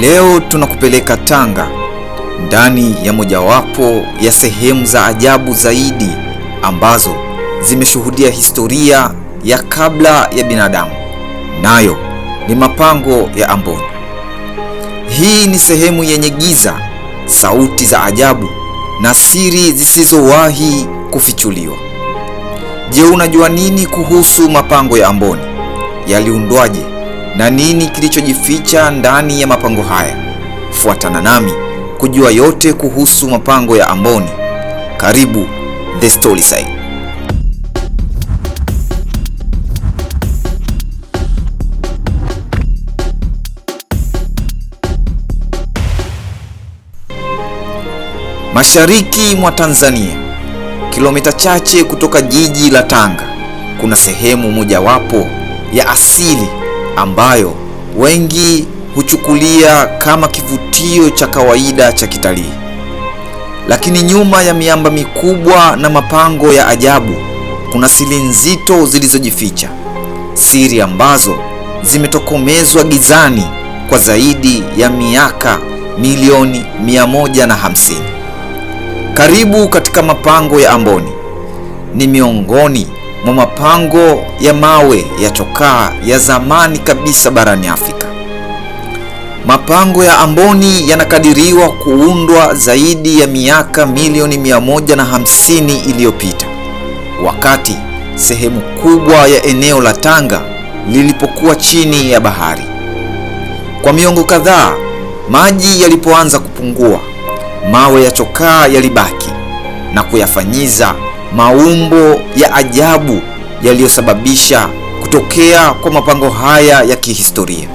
Leo tunakupeleka Tanga ndani ya mojawapo ya sehemu za ajabu zaidi ambazo zimeshuhudia historia ya kabla ya binadamu, nayo ni mapango ya Amboni. Hii ni sehemu yenye giza, sauti za ajabu na siri zisizowahi kufichuliwa. Je, unajua nini kuhusu mapango ya Amboni? Yaliundwaje? na nini kilichojificha ndani ya mapango haya. Fuatana nami kujua yote kuhusu mapango ya Amboni. Karibu The Story Side. Mashariki mwa Tanzania, kilomita chache kutoka jiji la Tanga, kuna sehemu mojawapo ya asili ambayo wengi huchukulia kama kivutio cha kawaida cha kitalii. Lakini nyuma ya miamba mikubwa na mapango ya ajabu kuna siri nzito zilizojificha, siri ambazo zimetokomezwa gizani kwa zaidi ya miaka milioni 150. Karibu katika mapango ya Amboni, ni miongoni mwa mapango ya mawe ya chokaa ya zamani kabisa barani Afrika. Mapango ya Amboni yanakadiriwa kuundwa zaidi ya miaka milioni 150 iliyopita, wakati sehemu kubwa ya eneo la Tanga lilipokuwa chini ya bahari. Kwa miongo kadhaa, maji yalipoanza kupungua, mawe ya chokaa yalibaki na kuyafanyiza maumbo ya ajabu yaliyosababisha kutokea kwa mapango haya ya kihistoria.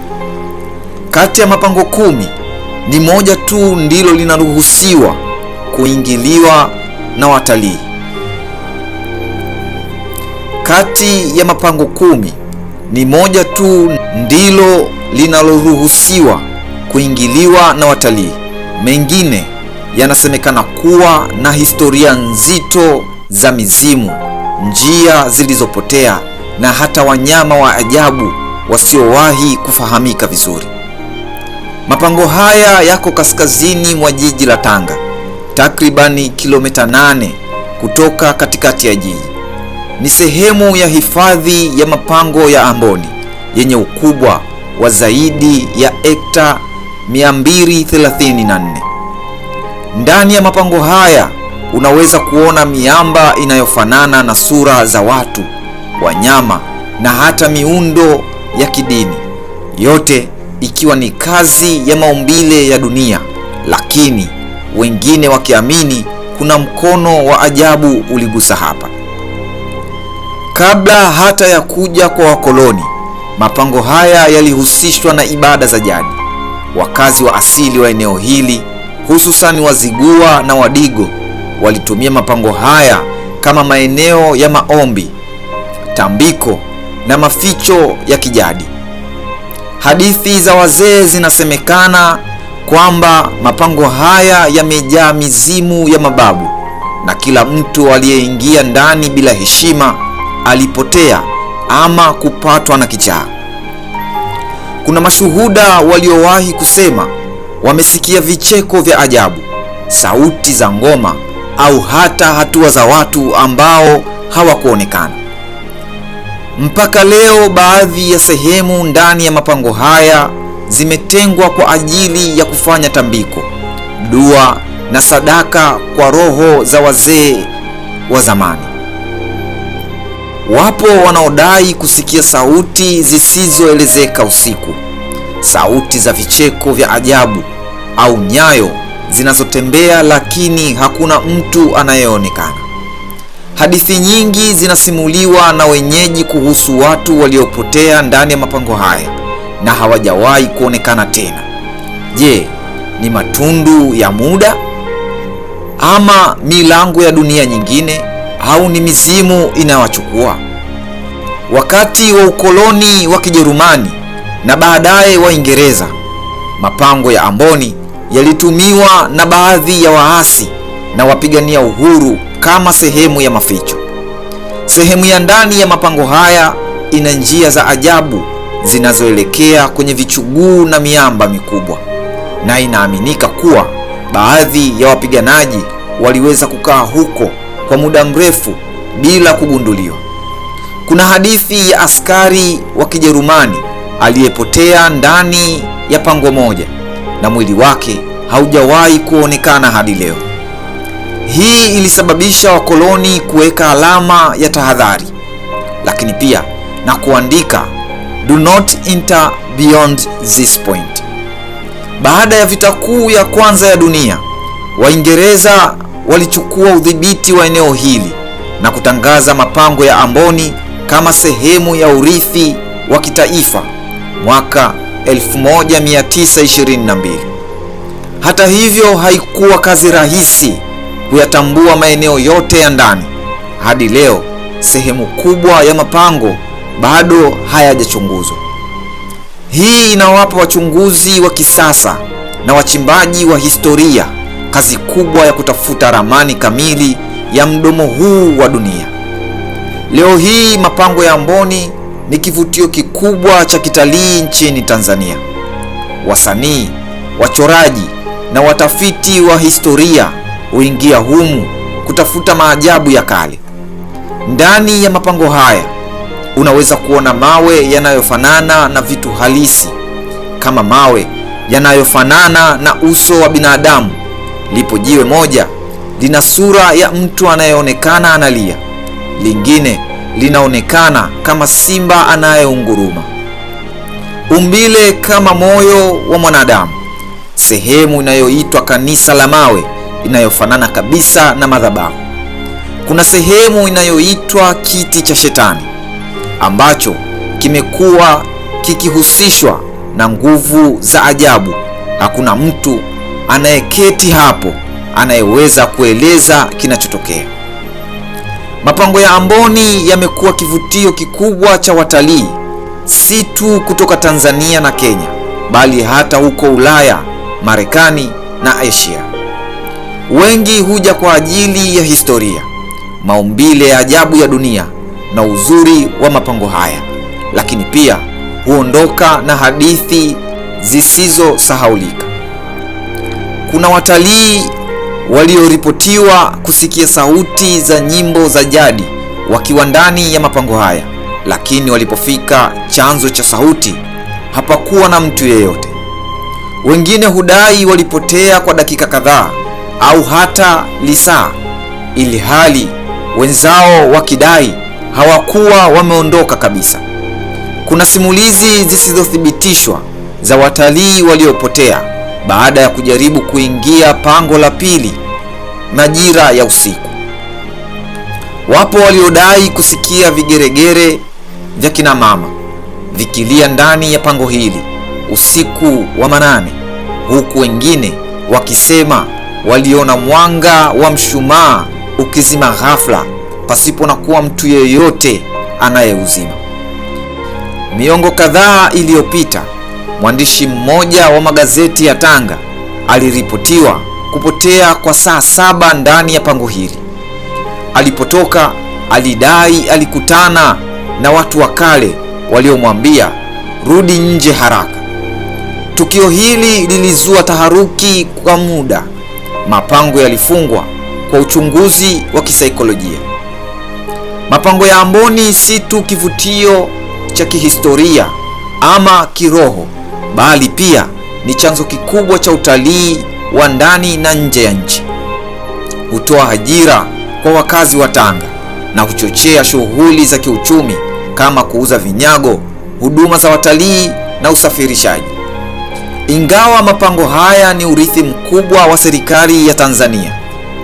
Kati ya mapango kumi ni moja tu ndilo linaruhusiwa kuingiliwa na watalii. Kati ya mapango kumi ni moja tu ndilo linaloruhusiwa kuingiliwa na watalii. Mengine yanasemekana kuwa na historia nzito za mizimu, njia zilizopotea na hata wanyama wa ajabu wasiowahi kufahamika vizuri. Mapango haya yako kaskazini mwa jiji la Tanga, takribani kilomita nane kutoka katikati ya jiji. Ni sehemu ya hifadhi ya mapango ya Amboni yenye ukubwa wa zaidi ya hekta 234. Ndani ya mapango haya unaweza kuona miamba inayofanana na sura za watu, wanyama na hata miundo ya kidini, yote ikiwa ni kazi ya maumbile ya dunia, lakini wengine wakiamini kuna mkono wa ajabu uligusa hapa. Kabla hata ya kuja kwa wakoloni, mapango haya yalihusishwa na ibada za jadi. Wakazi wa asili wa eneo hili hususani Wazigua na Wadigo walitumia mapango haya kama maeneo ya maombi, tambiko na maficho ya kijadi. Hadithi za wazee zinasemekana kwamba mapango haya yamejaa mizimu ya mababu na kila mtu aliyeingia ndani bila heshima alipotea ama kupatwa na kichaa. Kuna mashuhuda waliowahi kusema wamesikia vicheko vya ajabu, sauti za ngoma au hata hatua za watu ambao hawakuonekana. Mpaka leo baadhi ya sehemu ndani ya mapango haya zimetengwa kwa ajili ya kufanya tambiko, dua na sadaka kwa roho za wazee wa zamani. Wapo wanaodai kusikia sauti zisizoelezeka usiku, sauti za vicheko vya ajabu au nyayo zinazotembea lakini hakuna mtu anayeonekana. Hadithi nyingi zinasimuliwa na wenyeji kuhusu watu waliopotea ndani ya mapango haya na hawajawahi kuonekana tena. Je, ni matundu ya muda ama milango ya dunia nyingine au ni mizimu inawachukua Wakati wa ukoloni wa Kijerumani na baadaye Waingereza, mapango ya Amboni yalitumiwa na baadhi ya waasi na wapigania uhuru kama sehemu ya maficho. Sehemu ya ndani ya mapango haya ina njia za ajabu zinazoelekea kwenye vichuguu na miamba mikubwa, na inaaminika kuwa baadhi ya wapiganaji waliweza kukaa huko kwa muda mrefu bila kugunduliwa. Kuna hadithi ya askari wa Kijerumani aliyepotea ndani ya pango moja na mwili wake haujawahi kuonekana hadi leo. Hii ilisababisha wakoloni kuweka alama ya tahadhari, lakini pia na kuandika do not enter beyond this point. Baada ya vita kuu ya kwanza ya dunia, Waingereza walichukua udhibiti wa eneo hili na kutangaza mapango ya Amboni kama sehemu ya urithi wa kitaifa mwaka 1922. Hata hivyo, haikuwa kazi rahisi kuyatambua maeneo yote ya ndani. Hadi leo, sehemu kubwa ya mapango bado hayajachunguzwa. Hii inawapa wachunguzi wa kisasa na wachimbaji wa historia kazi kubwa ya kutafuta ramani kamili ya mdomo huu wa dunia. Leo hii mapango ya Amboni ni kivutio kikubwa cha kitalii nchini Tanzania. Wasanii, wachoraji na watafiti wa historia huingia humu kutafuta maajabu ya kale. Ndani ya mapango haya unaweza kuona mawe yanayofanana na vitu halisi kama mawe yanayofanana na uso wa binadamu. Lipo jiwe moja lina sura ya mtu anayeonekana analia, lingine linaonekana kama simba anayeunguruma, umbile kama moyo wa mwanadamu, sehemu inayoitwa kanisa la mawe inayofanana kabisa na madhabahu. Kuna sehemu inayoitwa kiti cha Shetani ambacho kimekuwa kikihusishwa na nguvu za ajabu. Hakuna mtu anayeketi hapo anayeweza kueleza kinachotokea. Mapango ya Amboni yamekuwa kivutio kikubwa cha watalii si tu kutoka Tanzania na Kenya, bali hata huko Ulaya, Marekani na Asia. Wengi huja kwa ajili ya historia, maumbile ya ajabu ya dunia na uzuri wa mapango haya, lakini pia huondoka na hadithi zisizosahaulika. Kuna watalii walioripotiwa kusikia sauti za nyimbo za jadi wakiwa ndani ya mapango haya, lakini walipofika chanzo cha sauti hapakuwa na mtu yeyote. Wengine hudai walipotea kwa dakika kadhaa au hata lisaa, ili hali wenzao wakidai hawakuwa wameondoka kabisa. Kuna simulizi zisizothibitishwa za watalii waliopotea baada ya kujaribu kuingia pango la pili majira ya usiku. Wapo waliodai kusikia vigeregere vya kina mama vikilia ndani ya pango hili usiku wa manane, huku wengine wakisema waliona mwanga wa mshumaa ukizima ghafla pasipo na kuwa mtu yeyote anayeuzima. Miongo kadhaa iliyopita mwandishi mmoja wa magazeti ya Tanga aliripotiwa kupotea kwa saa saba ndani ya pango hili. Alipotoka alidai alikutana na watu wa kale waliomwambia rudi nje haraka. Tukio hili lilizua taharuki kwa muda. Mapango yalifungwa kwa uchunguzi wa kisaikolojia. Mapango ya Amboni si tu kivutio cha kihistoria ama kiroho bali pia ni chanzo kikubwa cha utalii wa ndani na nje ya nchi. Hutoa ajira kwa wakazi wa Tanga na kuchochea shughuli za kiuchumi kama kuuza vinyago, huduma za watalii na usafirishaji. Ingawa mapango haya ni urithi mkubwa wa serikali ya Tanzania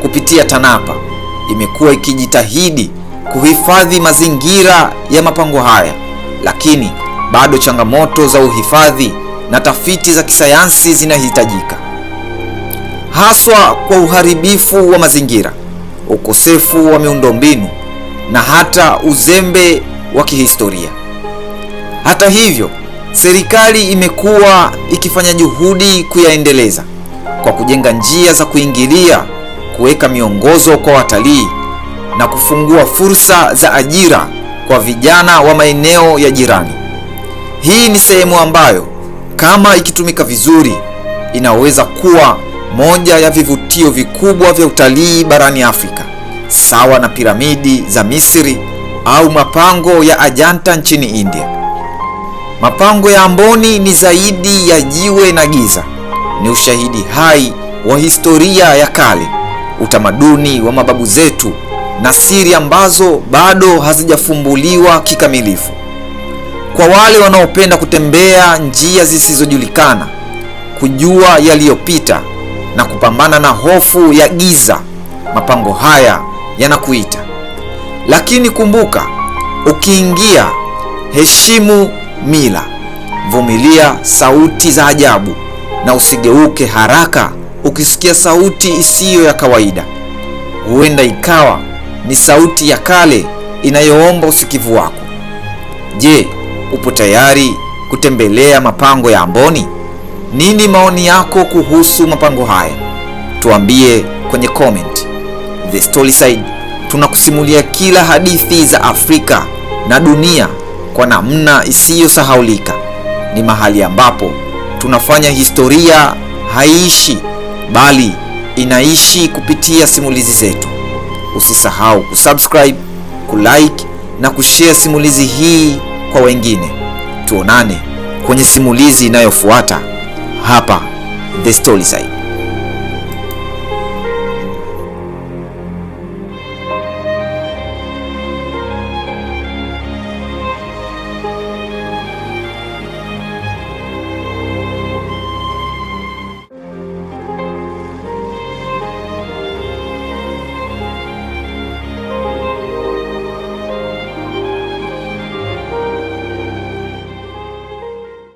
kupitia TANAPA, imekuwa ikijitahidi kuhifadhi mazingira ya mapango haya, lakini bado changamoto za uhifadhi na tafiti za kisayansi zinahitajika, haswa kwa uharibifu wa mazingira, ukosefu wa miundombinu na hata uzembe wa kihistoria. Hata hivyo, serikali imekuwa ikifanya juhudi kuyaendeleza kwa kujenga njia za kuingilia, kuweka miongozo kwa watalii na kufungua fursa za ajira kwa vijana wa maeneo ya jirani. Hii ni sehemu ambayo kama ikitumika vizuri, inaweza kuwa moja ya vivutio vikubwa vya utalii barani Afrika, sawa na piramidi za Misri au mapango ya Ajanta nchini India. Mapango ya Amboni ni zaidi ya jiwe na giza, ni ushahidi hai wa historia ya kale, utamaduni wa mababu zetu na siri ambazo bado hazijafumbuliwa kikamilifu kwa wale wanaopenda kutembea njia zisizojulikana, kujua yaliyopita na kupambana na hofu ya giza, mapango haya yanakuita. Lakini kumbuka, ukiingia, heshimu mila, vumilia sauti za ajabu, na usigeuke haraka ukisikia sauti isiyo ya kawaida. Huenda ikawa ni sauti ya kale inayoomba usikivu wako. Je, Upo tayari kutembelea mapango ya Amboni? Nini maoni yako kuhusu mapango haya? Tuambie kwenye comment. The Storyside tunakusimulia kila hadithi za Afrika na dunia kwa namna isiyosahaulika. Ni mahali ambapo tunafanya historia haiishi bali inaishi kupitia simulizi zetu. Usisahau kusubscribe, kulike na kushare simulizi hii kwa wengine. Tuonane kwenye simulizi inayofuata hapa The Storyside.